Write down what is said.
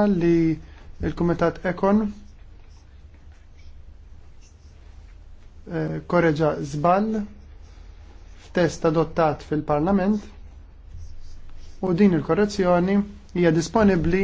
li il-Kumitat Ekon eh, korreġa zbal f'test adottat fil-Parlament u din il-korrezzjoni hija disponibbli